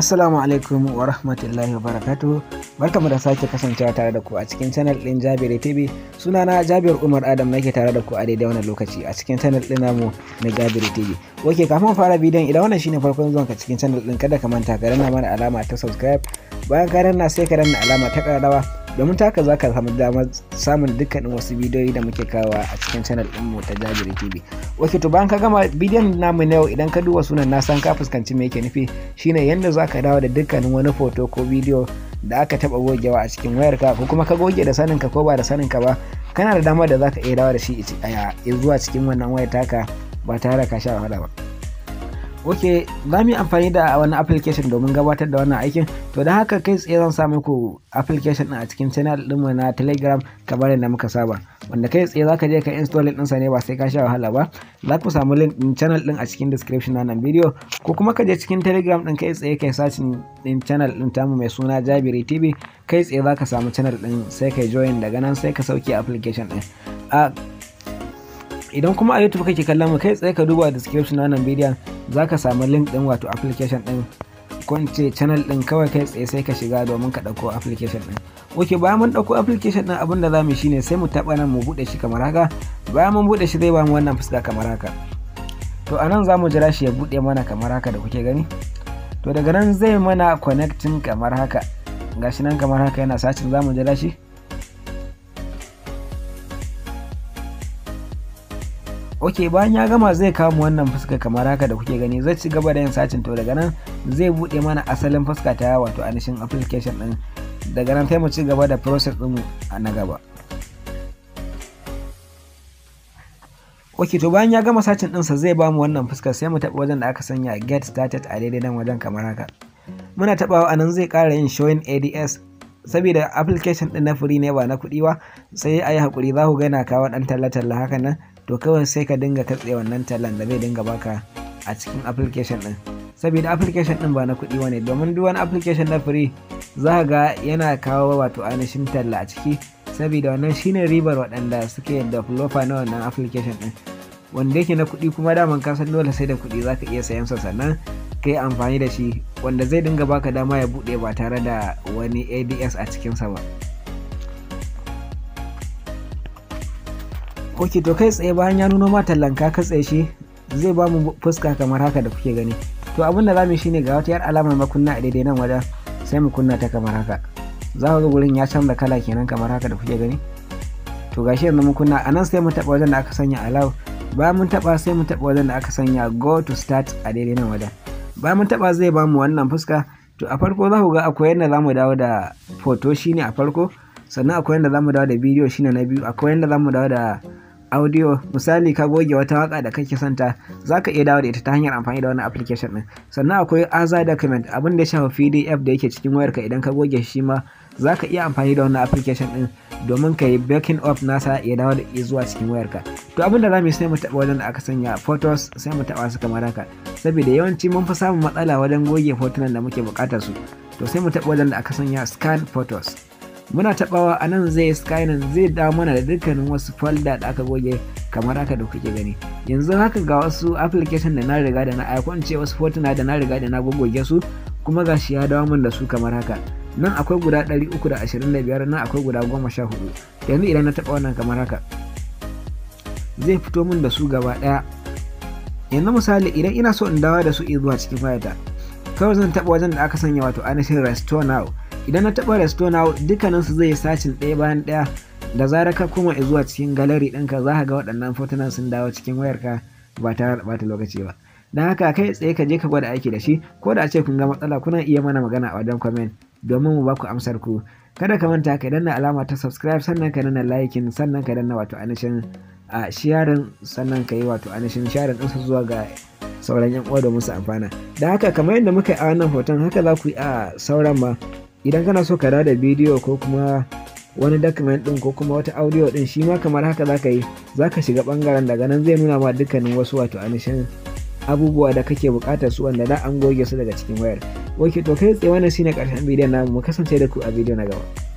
Assalamu alaikum wa rahmatullahi wa barakatu. Barkamu da sake kasancewa tare da ku a cikin channel din Jabir TV. Sunana Jabir Umar Adam nake tare da ku a daidai wannan lokaci a cikin channel din namu na Jabir TV. Oke, kafin fara bidiyon idan wannan shine farkon zuwan ka cikin channel din kada ka manta ka danna mana alama ta subscribe. Bayan ka danna sai ka danna alama ta karawa domin ta haka za ka samu damar samun dukkanin wasu bidiyoyi da muke kawo a cikin channel mu ta jajiri tv Wato to bayan ka gama bidiyon namu na yau idan ka duba sunan na san ka fuskanci me yake nufi shine yadda za ka dawo da dukkanin wani foto ko bidiyo da aka taba gogewa a cikin wayarka ko kuma ka goge da saninka ko ba da saninka ba kana da damar da za ka iya dawo da shi a eh, zuwa cikin wannan wayar taka ba tare da ka sha wahala ba ok za mu yi amfani da wani application domin gabatar da wannan aikin to don haka kai tsaye zan samu ku application din a cikin channel din na telegram kamar yadda muka saba wanda kai tsaye za ka je ka install link ɗinsa ne ba sai ka sha wahala ba za ku samu link din channel ɗin a cikin description na nan video? ko kuma ka je cikin telegram ɗin kai tsaye kai sacin ɗin channel din tamu mai suna jabiri tv kai tsaye za ka samu channel ɗin sai kai join daga nan sai ka sauke application ɗin idan kuma a youtube kake kallon mu kai tsaye ka duba description na nan bidiyon za ka samu link ɗin wato application ɗin ce channel ɗin kawai kai tsaye sai ka shiga domin ka ɗauko application ɗin ok bayan mun ɗauko application din abin da za mu shine sai mu taɓa nan mu buɗe shi kamar haka bayan mun buɗe shi zai ba mu wannan fuska kamar haka to a nan za mu jira shi ya buɗe mana kamar haka da kuke gani to daga nan zai mana connecting kamar haka gashi nan kamar haka yana sacin za mu jira shi ok bayan ya gama zai kama wannan fuska kamar haka da kuke gani zai ci gaba da yin sacin to daga nan zai bude mana asalin fuska ta wato anishin application ɗin daga nan sai ci gaba da process a na gaba ok to bayan ya gama sacin ɗinsa zai bamu wannan fuska sai mu taɓa wajen da aka sanya get started a daidai nan wajen kamar haka muna taɓawa a nan zai ƙara yin showing ads saboda application ɗin na free ne ba na kuɗi ba sai a yi haƙuri za ku ga yana kawo ɗan talla-talla haka nan to kawai sai ka dinga katse wannan talan da zai dinga baka a cikin application ɗin saboda application din ba na kuɗi wane domin duk wani application na free za ga yana kawo wato ainihin talla a ciki saboda wannan shine ribar waɗanda suke developer na wannan application din wanda yake na kuɗi kuma da man san dole sai da kuɗi za ka iya sayan sa sannan ka amfani da shi wanda zai dinga baka dama ya buɗe ba tare da wani ads a cikinsa ba. ok to kai tsaye bayan ya nuno ma tallan ka tsaye shi zai ba mu fuska kamar haka da kuke gani to abin da zamu shine ga wata yar alamar makunna a daidai nan wajen sai mu kunna ta kamar haka za ku ga gurin ya canza kala kenan kamar haka da kuke gani to gashi yanzu mun kunna anan sai mu taba wajen da aka sanya allow bayan mun taba sai mu taba wajen da aka sanya go to start a daidai nan wajen bayan mun taba zai ba mu wannan fuska to a farko za ku ga akwai yadda za mu dawo da photo shine a farko sannan akwai yadda za mu dawo da bidiyo shine na biyu akwai yadda za mu dawo da audio misali ka goge wata waka da kake santa za ka iya dawo da ita ta hanyar amfani da wannan application din sannan akwai aza document abin da ya shafa pdf da yake cikin wayarka idan ka goge shi ma za ka iya amfani da wannan application din domin ka yi backing up nasa ya dawo da zuwa cikin wayarka to abin da za mu yi sai mu taɓa wajen da aka sanya photos sai mu taɓa su kamar haka saboda yawanci mun fi samun matsala wajen goge hotunan da muke buƙatar su to sai mu taɓa wajen da aka sanya scan photos muna tabawa a nan zai skynet zai dawo mana da dukkanin wasu folder da aka goge kamar haka da kuke gani yanzu haka ga wasu application da na riga da na aikon ce wasu hotuna da na riga da na gogoge su kuma gashi ya dawo min da su kamar haka nan akwai guda 325 nan akwai guda 14 yanzu idan na taba wannan kamar haka zai fito min da su gaba daya yanzu misali idan ina so in dawo da su zuwa cikin fayata kawai zan taba wajen da aka sanya wato ainihin restore now idan na taɓa resto na dukkanin su zai sacin ɗaya bayan ɗaya da zarar ka koma zuwa cikin galeri ɗinka za ka ga waɗannan fotunan sun dawo cikin wayarka ba tare da ɓata lokaci ba don haka kai tsaye ka je ka gwada aiki da shi ko da a ce kun ga matsala kuna iya mana magana a wajen comment domin mu ba ku amsar ku kada ka manta ka danna alama ta subscribe sannan ka danna liking sannan ka danna wato anishin a sharing sannan ka yi wato anishin sharing ɗinsu zuwa ga sauran yan uwa domin su amfana da haka kamar yadda muka yi a wannan hoton haka za ku yi a sauran ma idan kana so ka da bidiyo ko kuma wani document din ko kuma wata audio din shi ma kamar haka za ka yi za ka shiga bangaren daga nan zai nuna ma dukkanin wasu wato anishin abubuwa da kake bukatar su wanda za an goge su daga cikin wayar ok to kai tsaye wannan shine karshen bidiyon namu mu kasance da ku a bidiyo na gaba